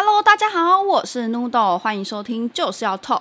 Hello，大家好，我是 Noodle，歡迎收聽，就是要 Talk。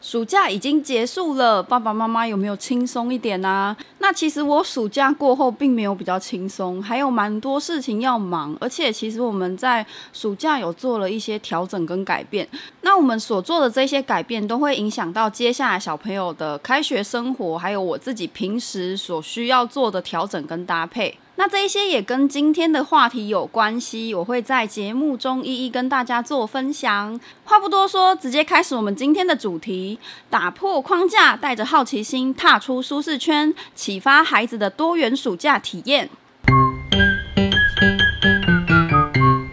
暑假已經結束了，爸爸媽媽有沒有輕鬆一點呢？啊？那其實我暑假過後並沒有比較輕鬆，還有蠻多事情要忙。而且其實我們在暑假有做了一些調整跟改變。那我們所做的這些改變，都會影響到接下來小朋友的開學生活，還有我自己平時所需要做的調整跟搭配。那這一些也跟今天的話題有關係，我會在節目中一一跟大家做分享。話不多說，直接開始我們今天的主題：打破框架，帶着好奇心踏出舒適圈，啟發孩子的多元暑假體驗。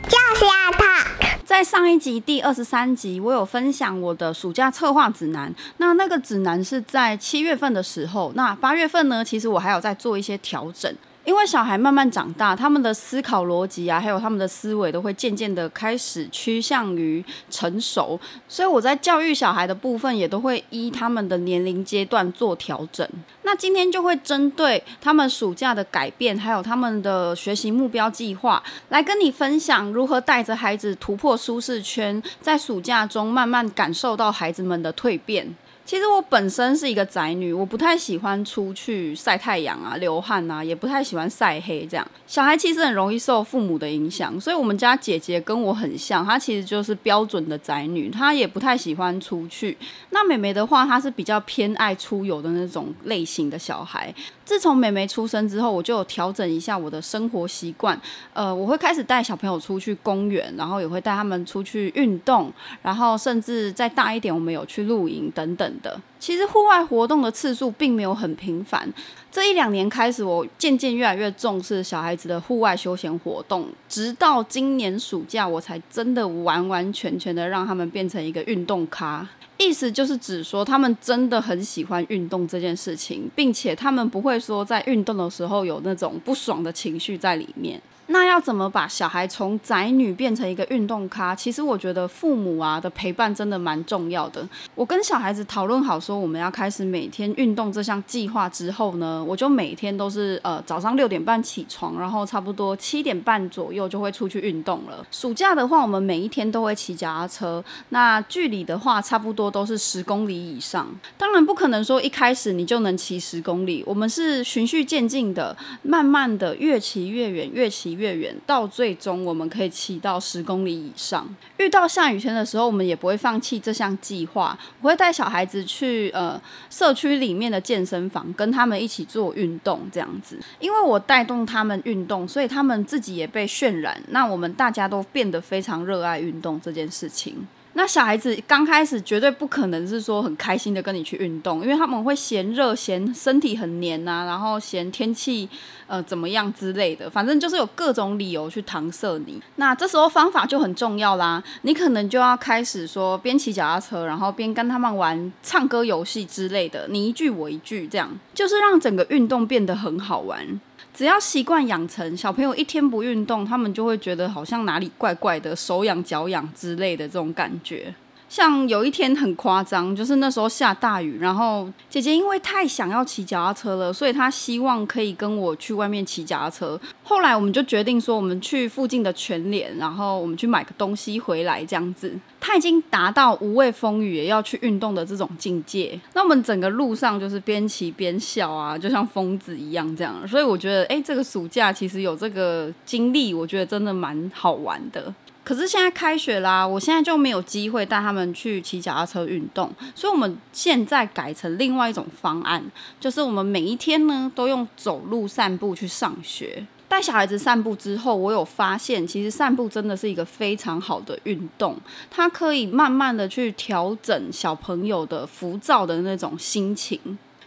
就是要 TALK。在上一集第二十三集，我有分享我的暑假策劃指南。那那個指南是在七月份的時候，那八月份呢？其實我還有在做一些調整。因為小孩慢慢長大，他們的思考邏輯啊，還有他們的思維都會漸漸的開始趨向於成熟，所以我在教育小孩的部分也都會依他們的年齡階段做調整。那今天就會針對他們暑假的改變，還有他們的學習目標計劃，來跟你分享如何帶着孩子突破舒適圈，在暑假中慢慢感受到孩子們的蛻變。其實我本身是一個宅女，我不太喜歡出去曬太陽啊、流汗啊，也不太喜歡曬黑這樣。小孩其實很容易受父母的影響，所以我們家姐姐跟我很像，她其實就是標準的宅女，她也不太喜歡出去。那妹妹的話，她是比較偏愛出遊的那種類型的小孩。自從妹妹出生之後，我就有調整一下我的生活習慣，呃，我會開始帶小朋友出去公園，然後也會帶他們出去運動，然後甚至再大一點，我們有去露營等等。其實戶外活動的次數並沒有很頻繁。這一兩年開始，我漸漸越來越重視小孩子的戶外休閒活動，直到今年暑假，我才真的完完全全的讓他們變成一個運動咖。意思就是指說，他們真的很喜歡運動這件事情，並且他們不會說在運動的時候有那種不爽的情緒在裡面。那要怎麼把小孩從宅女變成一個運動咖？其實我覺得父母啊的陪伴真的蠻重要的。我跟小孩子討論好說，我們要開始每天運動這項計劃之後呢，我就每天都是呃早上六點半起床，然後差不多七點半左右就會出去運動了。暑假的話，我們每一天都會騎腳踏車，那距離的話差不多都是十公里以上。當然不可能說一開始你就能騎十公里，我們是循序漸進的，慢慢的越騎越遠，越騎。越遠，到最終我們可以騎到十公里以上。遇到下雨天的時候，我們也不會放棄這項計劃。我會帶小孩子去呃社區裡面的健身房，跟他們一起做運動，這樣子。因為我帶動他們運動，所以他們自己也被渲染。那我們大家都變得非常熱愛運動這件事情。那小孩子剛開始絕對不可能是說很開心的跟你去運動，因為他們會嫌熱、嫌身體很黏啊，然後嫌天氣，呃，怎麼樣之類的，反正就是有各種理由去搪塞你。那這時候方法就很重要啦，你可能就要開始說邊騎腳踏車，然後邊跟他們玩唱歌遊戲之類的，你一句我一句，這樣就是讓整個運動變得很好玩。只要習慣養成，小朋友一天不運動，他們就會覺得好像哪裡怪怪的，手癢腳癢之類的這種感覺。像有一天很誇張，就是那時候下大雨，然後姐姐因為太想要騎腳踏車了，所以她希望可以跟我去外面騎腳踏車。後來我們就決定說，我們去附近的全聯，然後我們去買個東西回來這樣子。他已經達到無畏風雨也要去運動的這種境界。那我們整個路上就是邊騎邊笑啊，就像瘋子一樣這樣。所以我覺得，哎，這個暑假其實有這個經歷，我覺得真的蠻好玩的。可是現在開學啦啊，我現在就沒有機會帶他們去騎腳踏車運動，所以我們現在改成另外一種方案，就是我們每一天呢都用走路散步去上學。帶小孩子散步之後，我有發現，其實散步真的是一個非常好的運動，它可以慢慢的去調整小朋友的浮躁的那種心情。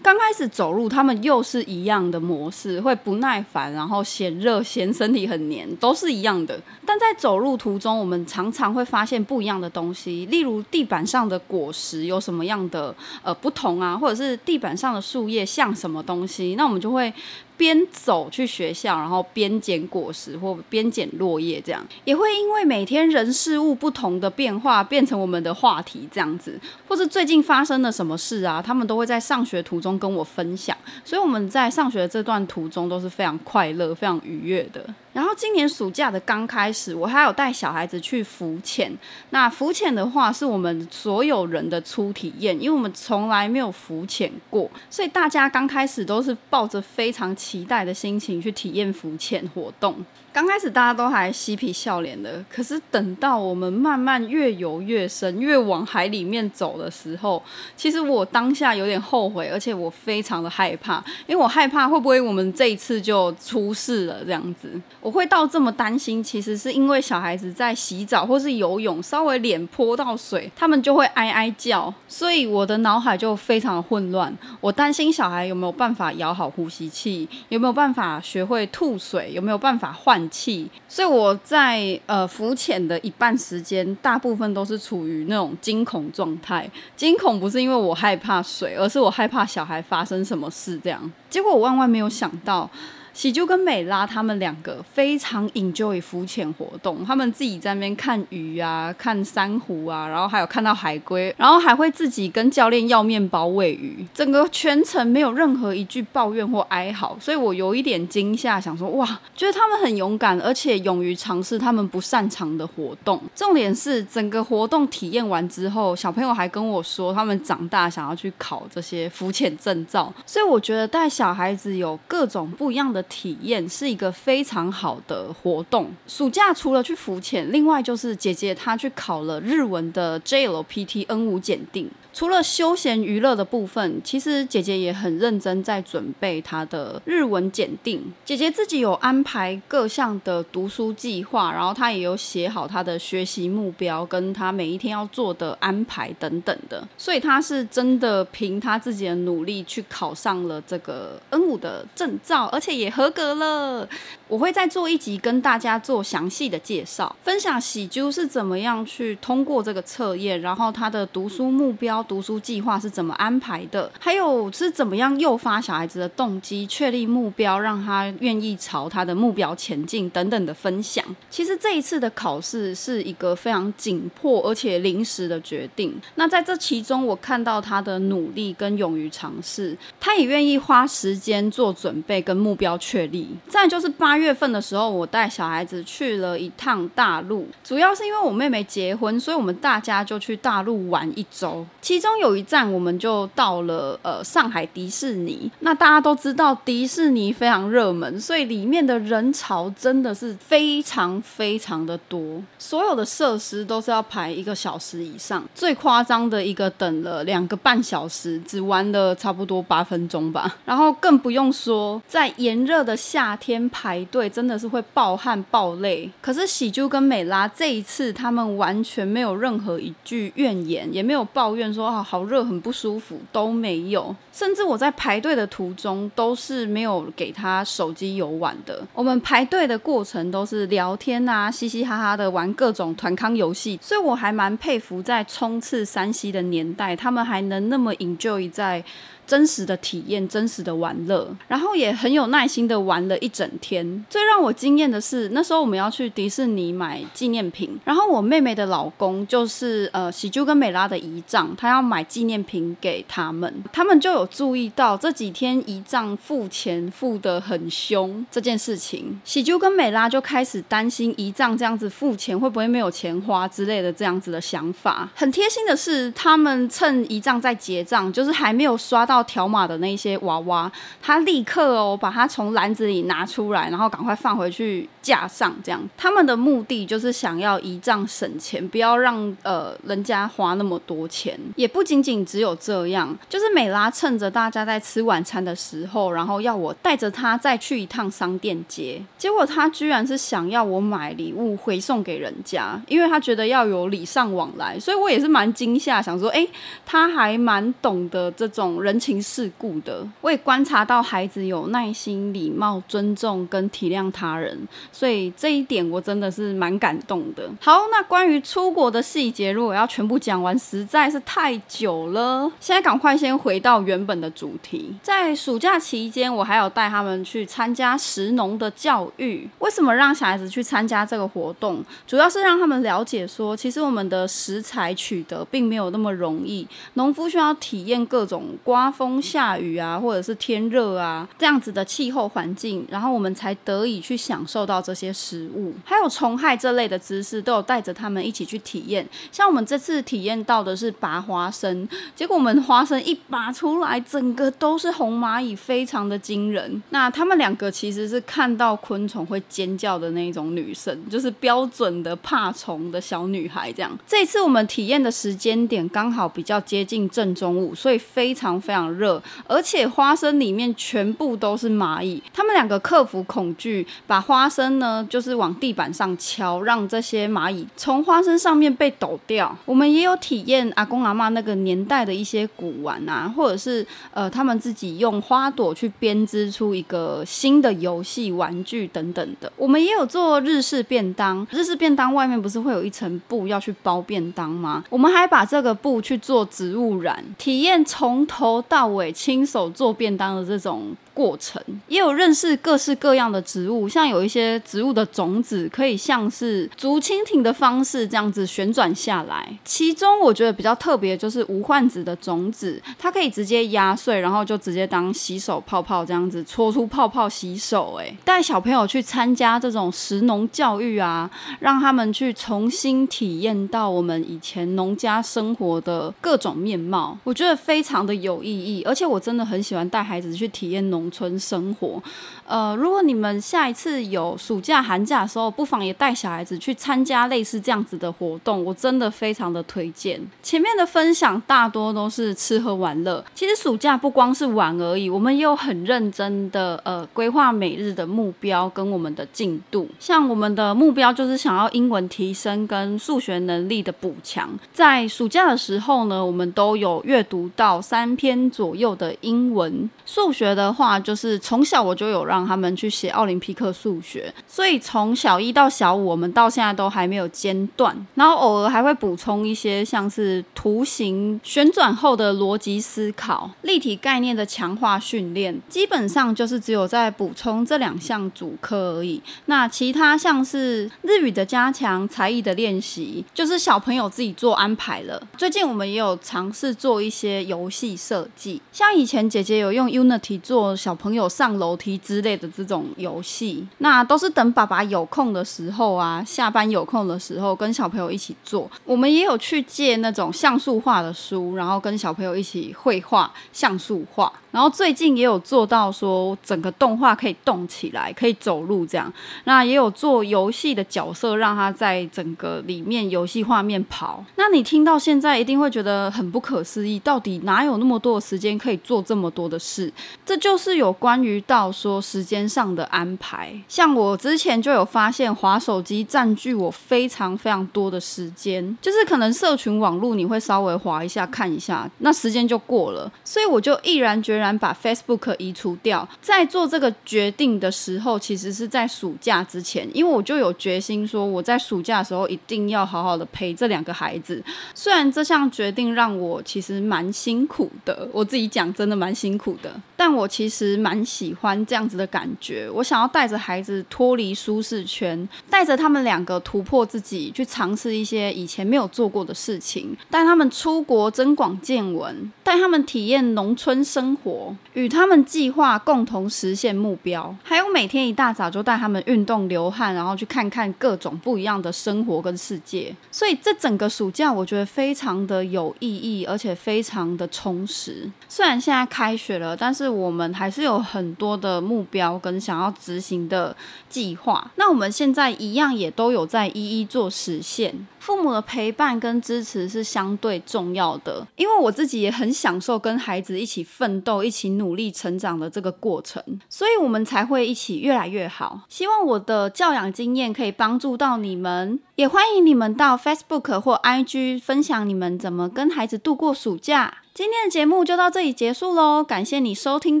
剛開始走路，他們又是一樣的模式，會不耐煩，然後嫌熱、嫌身體很黏，都是一樣的。但在走路途中，我們常常會發現不一樣的東西，例如地板上的果實有什麼樣的呃不同啊，或者是地板上的樹葉像什麼東西，那我們就會邊走去學校，然後邊撿果實或邊撿落葉，這樣也會因為每天人事物不同的變化，變成我們的話題這樣子，或是最近發生了什麼事啊，他們都會在上學途中。跟我分享，所以我們在上學的這段途中都是非常快樂、非常愉悅的。然後今年暑假的剛開始，我還有帶小孩子去浮潛。那浮潛的話，是我們所有人的初體驗，因為我們從來沒有浮潛過，所以大家剛開始都是抱着非常期待的心情去體驗浮潛活動。剛開始大家都還嬉皮笑臉的，可是等到我們慢慢越游越深，越往海裡面走的時候，其實我當下有點後悔，而且我非常的害怕，因為我害怕會不會我們這一次就出事了這樣子。我會到這麼擔心，其實是因為小孩子在洗澡或是游泳，稍微臉潑到水，他們就會哀哀叫，所以我的腦海就非常的混亂。我擔心小孩有沒有辦法咬好呼吸器，有沒有辦法學會吐水，有沒有辦法換。氣，所以我在呃浮潛的一半時間，大部分都是處於那種驚恐狀態。驚恐不是因為我害怕水，而是我害怕小孩發生什麼事這樣。結果我萬萬沒有想到。喜就跟美拉他們兩個非常 enjoy 浮潛活動，他們自己在那邊看魚啊、看珊瑚啊，然後還有看到海龜，然後還會自己跟教練要麵包餵魚，整個全程沒有任何一句抱怨或哀嚎，所以我有一點驚嚇，想說哇，覺得他們很勇敢，而且勇於嘗試他們不擅長的活動。重點是整個活動體驗完之後，小朋友還跟我說，他們長大想要去考這些浮潛證照，所以我覺得帶小孩子有各種不一樣的。體驗是一個非常好的活動。暑假除了去浮潛，另外就是姐姐她去考了日文的 JLPT N5 檢定。除了休閒娛樂的部分，其實姐姐也很認真在準備她的日文檢定。姐姐自己有安排各項的讀書計劃，然後她也有寫好她的學習目標，跟她每一天要做的安排等等的。所以她是真的憑她自己的努力去考上了這個 N5 的證照，而且也合格了。我會再做一集跟大家做詳細的介紹，分享喜珠是怎麼樣去通過這個測驗，然後他的讀書目標、讀書計劃是怎麼安排的，還有是怎麼樣誘發小孩子的動機、確立目標，讓他願意朝他的目標前進等等的分享。其實這一次的考試是一個非常緊迫而且臨時的決定。那在這其中，我看到他的努力跟勇於嘗試，他也願意花時間做準備跟目標確立。再就是八月。月份的時候，我帶小孩子去了一趟大陸，主要是因為我妹妹結婚，所以我們大家就去大陸玩一周。其中有一站，我們就到了呃上海迪士尼。那大家都知道，迪士尼非常熱門，所以裡面的人潮真的是非常非常的多，所有的設施都是要排一個小時以上。最誇張的一個，等了兩個半小時，只玩了差不多八分鐘吧。然後更不用說，在炎熱的夏天排。對，真的是會爆汗爆累。可是喜珠跟美拉這一次，他們完全沒有任何一句怨言，也沒有抱怨說啊好熱很不舒服，都沒有。甚至我在排隊的途中都是沒有給他手機遊玩的。我們排隊的過程都是聊天啊，嘻嘻哈哈的玩各種團康遊戲。所以，我還蠻佩服在充斥 3C 的年代，他們還能那麼 enjoy 在。真實的體驗，真實的玩樂，然後也很有耐心的玩了一整天。最讓我驚艷的是，那時候我們要去迪士尼買紀念品，然後我妹妹的老公就是呃喜鳩跟美拉的姨丈，他要買紀念品給他們，他們就有注意到這幾天姨丈付錢付得很凶這件事情，喜鳩跟美拉就開始擔心姨丈這樣子付錢會不會沒有錢花之類的這樣子的想法。很貼心的是，他們趁姨丈在結賬，就是還沒有刷到，到條碼的那些娃娃，他立刻哦、喔，把它從籃子裡拿出來，然後趕快放回去架上。這樣，他們的目的就是想要一賬省錢，不要讓呃人家花那麼多錢。也不僅僅只有這樣，就是美拉趁着大家在吃晚餐的時候，然後要我帶着他再去一趟商店街。結果他居然是想要我買禮物回送給人家，因為他覺得要有禮尚往來。所以我也是蠻驚嚇，想說，哎、欸，他還蠻懂得這種人情世故的，我也觀察到孩子有耐心、禮貌、尊重跟體諒他人，所以這一點我真的是蠻感動的。好，那關於出國的細節，如果要全部講完，實在是太久了。現在趕快先回到原本的主題，在暑假期間，我還有帶他們去參加食農的教育。為什麼讓小孩子去參加這個活動？主要是讓他們了解說，其實我們的食材取得並沒有那麼容易，農夫需要體驗各種瓜。風下雨啊，或者是天熱啊，這樣子的氣候環境，然後我們才得以去享受到這些食物，還有蟲害這類的知識，都有帶着他們一起去體驗。像我們這次體驗到的是拔花生，結果我們花生一拔出來，整個都是紅螞蟻，非常的驚人。那他們兩個其實是看到昆蟲會尖叫的那一種女生，就是標準的怕蟲的小女孩。這樣，這次我們體驗的時間點剛好比較接近正中午，所以非常非常熱，而且花生裡面全部都是螞蟻。他們兩個克服恐懼，把花生呢，就是往地板上敲，讓這些螞蟻從花生上面被抖掉。我們也有體驗阿公阿嬤那個年代的一些古玩啊，或者是呃，他們自己用花朵去編織出一個新的遊戲玩具等等的。我們也有做日式便當，日式便當外面不是會有一層布要去包便當嗎？我們還把這個布去做植物染，體驗從頭到。大偉親手做便當的這種。過程也有認識各式各樣的植物，像有一些植物的種子可以像是竹蜻蜓的方式這樣子旋轉下來。其中我覺得比較特別就是無患子的種子，它可以直接壓碎，然後就直接當洗手泡泡這樣子搓出泡泡洗手。欸。哎，帶小朋友去參加這種食農教育啊，讓他們去重新體驗到我們以前農家生活的各種面貌，我覺得非常的有意義。而且我真的很喜歡帶孩子去體驗農。就是生活，呃，如果你們下一次有暑假寒假的時候，不妨也帶小孩子去參加類似這樣子的活動，我真的非常的推薦。前面的分享大多都是吃喝玩樂，其實暑假不光是玩而已，我們也有很認真的呃規劃每日的目標跟我們的進度。像我們的目標就是想要英文提升跟數學能力的補強，在暑假的時候呢，我們都有閱讀到三篇左右的英文，數學的話。就是從小我就有讓他們去寫奧林匹克數學，所以從小一到小五，我們到現在都還沒有間斷。然後偶爾還會補充一些像是圖形旋轉後的邏輯思考、立體概念的強化訓練。基本上就是只有在補充這兩項主科而已。那其他像是日語的加強、才藝的練習，就是小朋友自己做安排了。最近我們也有嘗試做一些遊戲設計，像以前姐姐有用 Unity 做。小朋友上樓梯之類的這種遊戲，那都是等爸爸有空的時候啊，下班有空的時候跟小朋友一起做。我們也有去借那種像素畫的書，然後跟小朋友一起繪畫像素畫。然後最近也有做到說整個動畫可以動起來，可以走路這樣。那也有做遊戲的角色，讓他在整個裡面遊戲畫面跑。那你聽到現在一定會覺得很不可思議，到底哪有那麼多的時間可以做這麼多的事？這就是。是有關於到說時間上的安排，像我之前就有發現，滑手機佔據我非常非常多的時間，就是可能社群網路你會稍微滑一下看一下，那時間就過了，所以我就毅然決然把 Facebook 移除掉。在做這個決定的時候，其實是在暑假之前，因為我就有決心說，我在暑假的時候一定要好好的陪這兩個孩子。雖然這項決定讓我其實蠻辛苦的，我自己講真的蠻辛苦的。但我其實蠻喜歡這樣子的感覺，我想要帶着孩子脫離舒適圈，帶着他們兩個突破自己，去嘗試一些以前沒有做過的事情，帶他們出國增廣見聞，帶他們體驗農村生活，與他們計劃共同實現目標，還有每天一大早就帶他們運動流汗，然後去看看各種不一樣的生活跟世界。所以這整個暑假我覺得非常的有意義，而且非常的充實。雖然現在開學了，但是。是我們還是有很多的目標跟想要執行的計劃，那我們現在一樣也都有在一一做實現。父母的陪伴跟支持是相對重要的，因為我自己也很享受跟孩子一起奮鬥、一起努力成長的這個過程，所以我們才會一起越來越好。希望我的教養經驗可以幫助到你們，也歡迎你們到 Facebook 或 IG 分享你們怎麼跟孩子度過暑假。今天的節目就到這裡結束嘍，感謝你收聽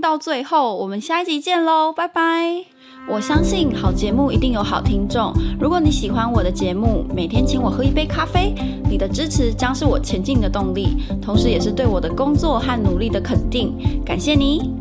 到最後，我們下一集見嘍，拜拜！我相信好節目一定有好聽眾，如果你喜歡我的節目，每天請我喝一杯咖啡，你的支持將是我前進的動力，同時也是對我的工作和努力的肯定，感謝你。